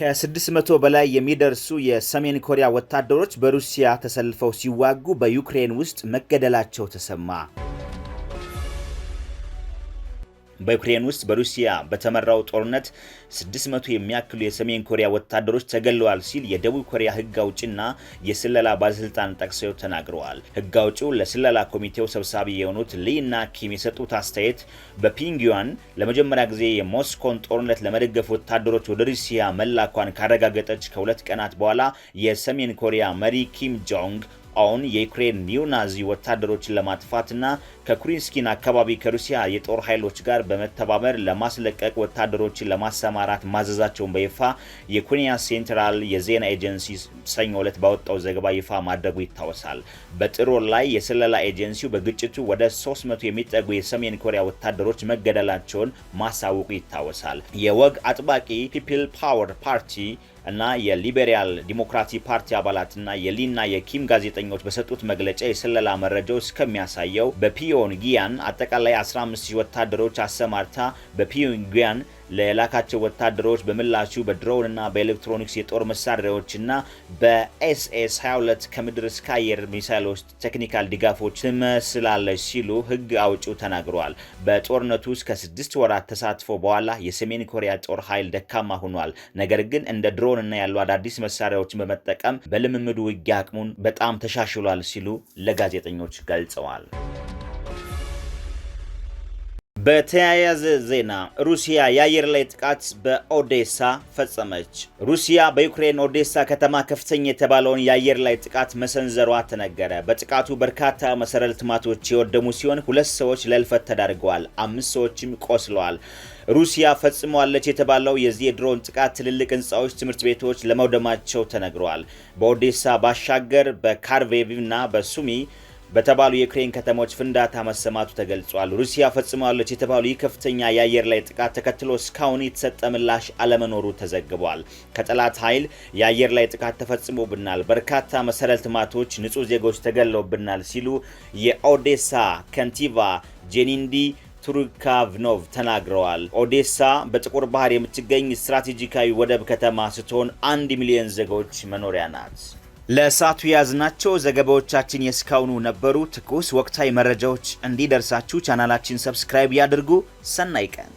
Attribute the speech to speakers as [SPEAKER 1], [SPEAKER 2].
[SPEAKER 1] ከ600 በላይ የሚደርሱ የሰሜን ኮሪያ ወታደሮች በሩሲያ ተሰልፈው ሲዋጉ በዩክሬን ውስጥ መገደላቸው ተሰማ። በዩክሬን ውስጥ በሩሲያ በተመራው ጦርነት 600 የሚያክሉ የሰሜን ኮሪያ ወታደሮች ተገለዋል ሲል የደቡብ ኮሪያ ህግ አውጭና የስለላ ባለስልጣን ጠቅሰው ተናግረዋል። ህግ አውጭው ለስለላ ኮሚቴው ሰብሳቢ የሆኑት ሊና ኪም የሰጡት አስተያየት በፒንግዋን ለመጀመሪያ ጊዜ የሞስኮን ጦርነት ለመደገፍ ወታደሮች ወደ ሩሲያ መላኳን ካረጋገጠች ከሁለት ቀናት በኋላ የሰሜን ኮሪያ መሪ ኪም ጆንግ አሁን የዩክሬን ኒዮናዚ ወታደሮችን ለማጥፋትና ከኩሪንስኪን አካባቢ ከሩሲያ የጦር ኃይሎች ጋር በመተባበር ለማስለቀቅ ወታደሮችን ለማሰማራት ማዘዛቸውን በይፋ የኩኒያ ሴንትራል የዜና ኤጀንሲ ሰኞ ዕለት ባወጣው ዘገባ ይፋ ማድረጉ ይታወሳል። በጥር ላይ የስለላ ኤጀንሲው በግጭቱ ወደ 300 የሚጠጉ የሰሜን ኮሪያ ወታደሮች መገደላቸውን ማሳወቁ ይታወሳል። የወግ አጥባቂ ፒፕል ፓወር ፓርቲ እና የሊበራል ዲሞክራሲ ፓርቲ አባላትና የሊና የኪም ጋዜጠኞች በሰጡት መግለጫ የስለላ መረጃው እስከሚያሳየው በፒዮንጊያን አጠቃላይ 15 ሺህ ወታደሮች አሰማርታ በፒዮንጊያን ለላካቸው ወታደሮች በምላሹ በድሮንና በኤሌክትሮኒክስ የጦር መሳሪያዎችና በኤስኤስ 22 ከምድር እስከ አየር ሚሳይሎች ቴክኒካል ድጋፎች ትመስላለች ሲሉ ህግ አውጪው ተናግረዋል። በጦርነቱ ውስጥ ከስድስት ወራት ተሳትፎ በኋላ የሰሜን ኮሪያ ጦር ኃይል ደካማ ሆኗል። ነገር ግን እንደ ድሮንና ያሉ አዳዲስ መሳሪያዎችን በመጠቀም በልምምዱ ውጊያ አቅሙን በጣም ተሻሽሏል ሲሉ ለጋዜጠኞች ገልጸዋል። በተያያዘ ዜና ሩሲያ የአየር ላይ ጥቃት በኦዴሳ ፈጸመች። ሩሲያ በዩክሬን ኦዴሳ ከተማ ከፍተኛ የተባለውን የአየር ላይ ጥቃት መሰንዘሯ ተነገረ። በጥቃቱ በርካታ መሰረተ ልማቶች የወደሙ ሲሆን ሁለት ሰዎች ለልፈት ተዳርገዋል፣ አምስት ሰዎችም ቆስለዋል። ሩሲያ ፈጽሟለች የተባለው የዚህ የድሮን ጥቃት ትልልቅ ህንፃዎች፣ ትምህርት ቤቶች ለመውደማቸው ተነግረዋል። በኦዴሳ ባሻገር በካርቬቪ እና በሱሚ በተባሉ የዩክሬን ከተሞች ፍንዳታ መሰማቱ ተገልጿል። ሩሲያ ፈጽማለች የተባሉ ይህ ከፍተኛ የአየር ላይ ጥቃት ተከትሎ እስካሁን የተሰጠ ምላሽ አለመኖሩ ተዘግቧል። ከጠላት ኃይል የአየር ላይ ጥቃት ተፈጽሞብናል፣ በርካታ መሰረተ ልማቶች፣ ንጹህ ዜጎች ተገለውብናል ሲሉ የኦዴሳ ከንቲባ ጄኒንዲ ቱሩካቭኖቭ ተናግረዋል። ኦዴሳ በጥቁር ባህር የምትገኝ ስትራቴጂካዊ ወደብ ከተማ ስትሆን አንድ ሚሊዮን ዜጎች መኖሪያ ናት። ለሰዓቱ የያዝናቸው ዘገባዎቻችን የእስካሁኑ ነበሩ። ትኩስ ወቅታዊ መረጃዎች እንዲደርሳችሁ ቻናላችን ሰብስክራይብ ያድርጉ። ሰናይ ቀን